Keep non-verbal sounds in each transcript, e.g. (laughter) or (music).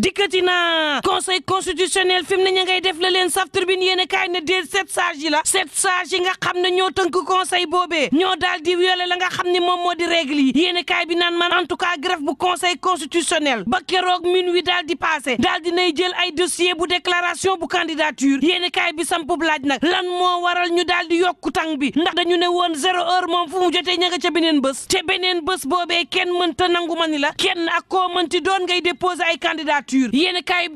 dikkati naa conseil constitutionnel fi mu ne ñu ngay def la leen saf tribune yéen a kaay ne déet sept sages yi la sept sages yi nga xam ne ñoo tënk conseil boobee ñoo daal di violé la nga xam ne moom moo di règle yi yéen bi nan man en tout cas greffe bu conseil constitutionnel ba keroog min wi daal di passé daal di nay jël ay dossier bu déclaration bu candidature yéen a kaay bi samp laaj nag lan moo waral ñu daal di yokku tàng bi ndax dañu ne woon zéro heure moom fu mu jotee ña nga ca beneen bés te beneen bés boobee kenn mënta nangu ma la kenn ak koo mënti doon ngay déposer ay candidat candidature yéen a kaayub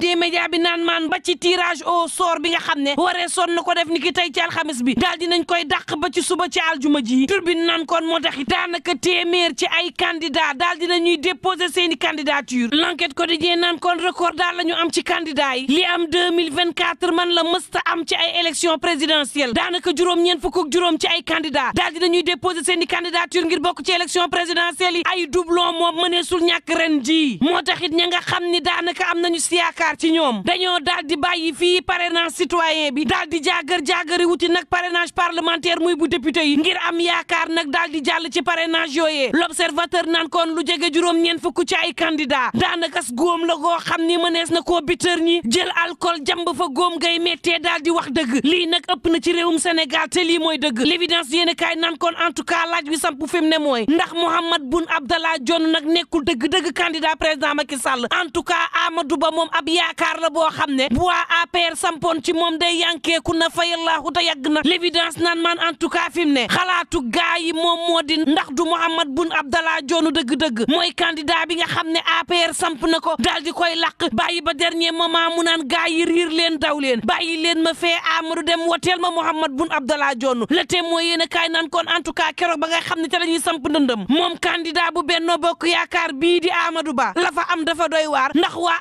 bi naan maan ba ci tirage au bi nga xam ne waree son na ko def ni ki tey ci alxamis bi daal dinañ koy dàq ba ci suba ci aljuma ji tur bi naan kon moo tax daanaka téeméer ci ay candidat daal dinañuy déposer seen i candidature l'enquête quotidien naan kon record daal la ñu am ci candidat yi li am 2024 man la mësta am ci ay élection présidentielle daanaka juróom-ñeent fukk ci ay candidat daal dinañuy déposer seen i candidature ngir bokk ci élection présidentielle yi ay doublon moom mëneesul ñàkk ren ji moo taxit ña xam ni daanaka que am nañu si yaakaar ci ñoom dañoo daal di bàyyi fii parrainage citoyen bi daal di jaagar jaagari wuti nag parrainage parlementaire muy bu député yi ngir am yaakaar nag daal di jàll ci parrainage yooyee l'observateur naan kon lu jege juróom-ñeent fukk ci ay candidat daanakas góom la goo xam ni mënees na koo bitër ñi jël alcool jàmb fa goom ngay méttee daal di wax dëgg lii nag ëpp na ci réewum Sénégal te lii mooy dëgg l'évidence yéen kaay nan kon en tout cas laaj wi samp fi mu ne mooy ndax Mouhamed Boun Abdallah nag nekkul dëgg-dëgg candidat président Macky Sall en tout cas Amadou Ba moom ab yaakaar la boo xam ne bu waa APR sampoon ci moom day yankeeku na fayallaahu te yàgg na l'évidence nan maan en tout cas fi ne xalaatu gaa yi moom moo di ndax du Mouhamed Boun Abdallah Dionne dëgg-dëgg mooy candidat bi nga xam ne APR samp na ko daal di koy làq bàyyi ba dernier moment mu naan gaa yi riir leen daw leen bàyyi leen ma fee Amadou dem woteel ma Mouhamed Boun Abdallah Dionne le témoin yéen a kaay nan kon en tout cas keroog ba nga xam ne te la ñuy samp ndëndëm moom candidat bu Benno Bokk Yaakaar bii di Amadou Ba la fa am dafa doy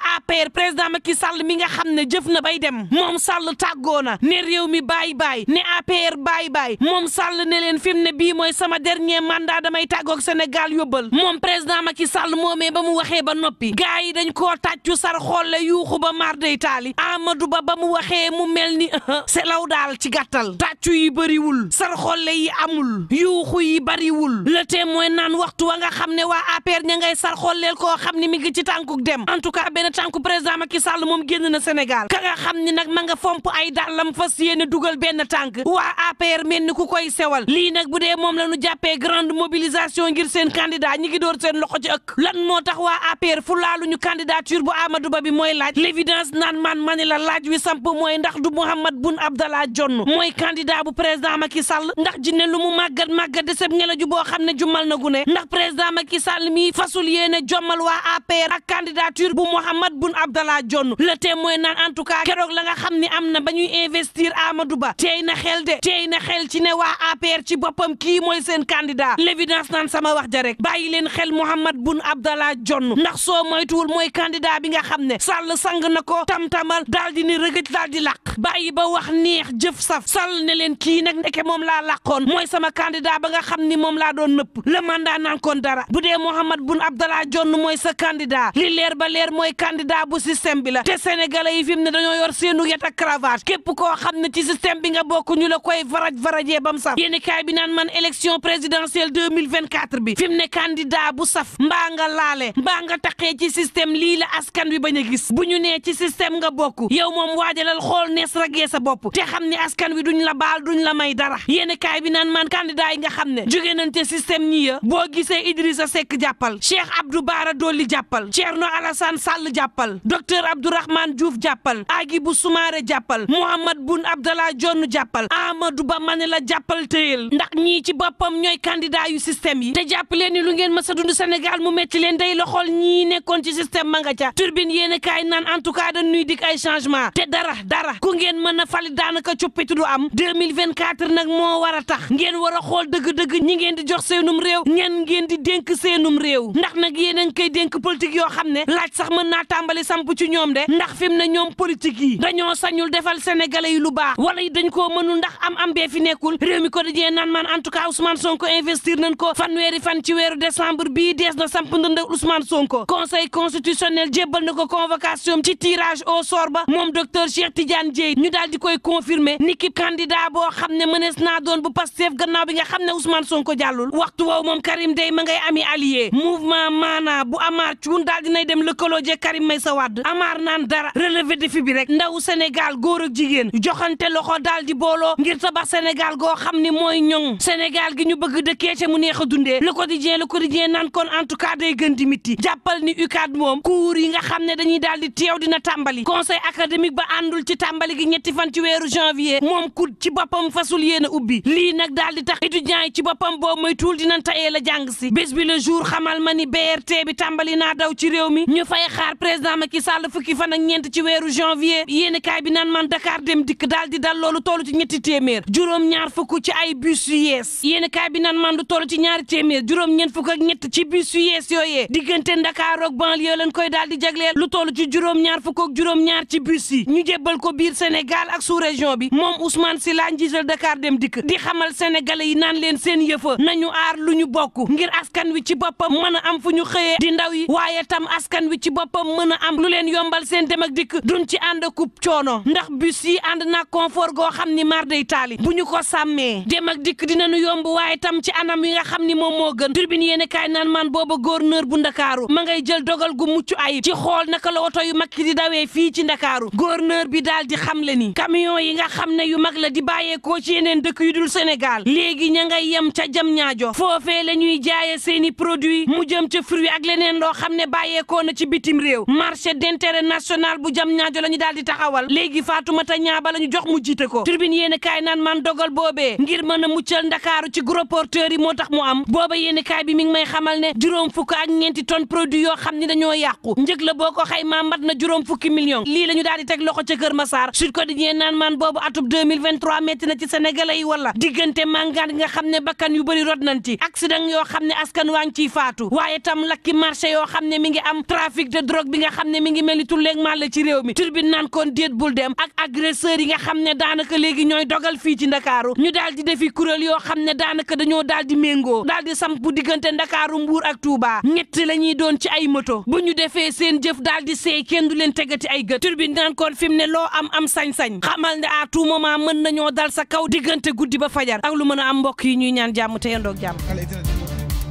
waa APR président maki Sall mi nga xam ne jëf na bay dem moom Sall tàggoo na ne réew mi baay baay ne APR baay baay moom Sall ne leen fi ne bii mooy sama dernier mandat damay tàggoog Sénégal yóbbal moom président maki Sall moomee ba mu waxee ba noppi gars yi dañ koo tàccu sar xolle yuuxu ba maar day taali Amadou Ba ba mu waxee mu mel ni (laughs) selaw daal ci gàttal tàccu yi bëriwul sar xolle yi amul yuuxu yi bëriwul le témoin naan waxtu wa nga xam ne waa APR ña ngay sar xolleel ne tànku président Macky Sall moom génn na Sénégal ka nga nag ma nga fomp ay dàllam fas yéene dugal benn tànk waa APR mel ku koy sewal lii nag bu dee moom la ñu jàppee grande mobilisation ngir seen candidat ñi ngi door seen loxo ci ëkk lan moo tax waa APR fu ñu candidature bu Amadou Ba bi mooy laaj l'évidence naan man ma ne la laaj wi samp mooy ndax du Mouhamed Boun Abdallah Dionne mooy candidat bu président Macky Sall ndax jinne lu mu màggat màggat deseb ngela ju boo xam ne jumal na gune ndax président Macky Sall mii fasul yéene jommal waa APR ak candidature bu Mouhamed Mahammed Boun Abdallah Dionne le témoin naan en tout cas keroog la nga xam ni am na ba ñuy investir Amadou Ba tey na xel de tey na xel ci ne waa APR ci boppam kii mooy seen candidat l'évidence naan sama wax ja rek bàyyi leen xel Mahammed Boun Abdallah Dionne ndax soo moytuwul mooy candidat bi nga xam ne Sall sang na ko tam-tamal daal di ni rëgëj daal di làq bàyyi ba wax neex jëf saf sal ne leen kii nag ndeke moom laa làqoon mooy sama candidat ba nga xam ni moom laa doon nëpp le mandat naan kon dara bu dee Mahammed Boun Abdallah Dionne mooy sa li leer ba leer mooy candidat bu système bi la te sénégalais yi fi mu ne dañoo yor seenu yet ak cravate képp koo xam ne ci système bi nga bokku ñu la koy varaj varajee ba mu saf yéeni bi naan man élection présidentielle 2024 bi fi mu ne candidat bu saf mbaa nga laale mbaa nga taqee ci système lii la askan wi bañ a gis bu ñu nee ci système nga bokk yow moom waajalal xool nees ragee sa bopp te xam ne askan wi duñ la baal duñ la may dara yéeni kaay bi naan man candidat yi nga xam ne jóge nañ te système ñi ya boo gisee Idrissa Seck jàppal Cheikh Abdou Bara Dolly jàppal Thierno Alassane Sall jàppal docteur Abdourahmane Diouf jàppal Agibou Soumaré jàppal Mohamed Boun Abdallah Dionne jàppal Amadou Ba ma la jàppal téyel ndax ñii ci boppam ñooy candidat yu système yi te jàpp leen ni lu ngeen mës a dund Sénégal mu metti leen day la xool ñii nekkoon ci système ma nga ca turbine yéen kaay naan en tout cas dañuy dig ay changement te dara dara ku ngeen mën a fali daanaka coppitu du am 2024 nag moo war a tax ngeen war a xool dëgg-dëgg ñi ngeen di jox seenum réew ñen dénk seenum réew ndax nag yéen a ngi koy dénk politique yoo xam ne laaj sax mën naa tàmbali samp ci ñoom de ndax fi mu ne ñoom politique yi dañoo sañul defal sénégalais yi lu baax wala yi dañ koo mënul ndax am am bee fi nekkul réew mi ko dajee naan man en tout cas Ousmane Sonko investir nañ ko fanweeri fan ci weeru décembre bi dees na samp ndënd ak Ousmane Sonko conseil constitutionnel jébbal na ko convocation ci tirage au sort ba moom docteur Cheikh Tidiane Dièye ñu daal koy confirmer ni ki candidat boo xam ne mënees naa doon bu Pastef gannaaw bi nga xam ne Ousmane Sonko jàllul waxtu woowu moom Karim Dey ma ami allié mouvement maanaa bu Amar Thioune daal dinay dem lëkkaloo jee Karim Meïssa amaar naan dara relevé défi bi rek ndaw Sénégal góor ak jigéen joxante loxo daal di booloo ngir tabax Sénégal goo xam ni mooy ñoŋ Sénégal gi ñu bëgg dëkkee te mu neex a dundee le quotidien le quotidien naan kon en tout cas day gën di miti jàppal ni UCAD moom cours yi nga xam ne dañuy daal di teew dina tàmbali conseil académique ba àndul ci tàmbali gi ñetti fan ci weeru janvier moom ku ci boppam fasul yéen a ubbi lii nag daal di tax étudiants yi ci boppam boobu mooy tuul dinañ tayee la jàng si bés bi le jour xamal ma ni BRT bi tàmbali naa daw ci réew mi ñu fay xaar président Macky Sall fukki fan ak ñeent ci weeru janvier yéeni kaay bi naan man Dakar dem dikk daal di dal loolu toll ci ñetti téeméer juróom-ñaar fukk ci ay bus yu yees yéeni kaay bi nan man du toll ci ñaar téeméer juróom-ñeent fukk ak ñett ci bus yu yees yooyee diggante Dakar ak banlieue lañ koy daal di jagleel lu toll ci juróom-ñaar fukk ak juróom-ñaar ci bus yi ñu jébbal ko biir Sénégal ak sous région bi moom Ousmane Sylla njiital Dakar dem dikk di xamal sénégalais yi naan leen seen yëfa nañu aar lu ñu bokk askan wi ci boppam mën am fu ñu xëyee di ndaw yi waaye tam askan wi ci boppam mën a am lu leen yombal seen dem ak dikk duñ ci ànd akub coono ndax bus si ànd na confort goo xam ni mar day taali bu ñu ko sàmmee dem ak dikk nu yomb waaye tam ci anam yi nga xam ni moom moo gën turbine yéeni kaay naan man booba gouverneur bu ndakaaru ma ngay jël dogal gu mucc ayib ci xool naka la woto yu mag di dawee fii ci ndakaaru gouverneur bi daal di xam le ni camion yi nga xam ne yu mag la di bàyyeekoo ci yeneen dëkk yu dul Sénégal léegi ña yem ca jam seeni produit mu jëm ca fruit ak leneen loo xam ne bàyyeekoo na ci bitim réew marché d'intérêt national bu jam ñaajo la ñu daal di taxawal léegi Fatoumata ñaaba la ñu jox mu jiite ko tribune yéen kaay naan man dogal boobee ngir mën a muccal ndakaaru ci gros porteurs yi moo tax mu am booba yéen kaay bi mi ngi may xamal ne juróom fukk ak ñeenti ton produit yoo xam ne dañoo yàqu njëg la boo ko xaymaa mat na juróom fukki millions lii la ñu daal di teg loxo ca Kër Massar Sud Quotidien naan man boobu atub 2023 metti na ci sénégalais yi wala diggante màngaan nga xam ne bakkan yu bëri rot nañ ci accident yoo xam ne askan waa ngi ciy faatu waaye tam lakki marché yoo xam ne mi ngi am trafic de drogue bi nga xam ne mi ngi mel ni tulleeg la ci réew mi turbine naan kon déet bul dem ak agresseurs yi nga xam ne daanaka léegi ñooy dogal fii ci ndakaaru ñu daal di defi kuréel yoo xam ne daanaka dañoo daal di méngoo daal di samp diggante ndakaaru mbuur ak Touba ñetti la ñuy doon ci ay moto bu ñu defee seen jëf daal di seey kenn du leen ti ay gët turbine naan kon fi mu ne loo am am sañ-sañ xamal ne à tout moment mën nañoo dal sa kaw diggante guddi ba fajar ak lu mën a am mbokk yi ñuy ñaan jàmm te yendoog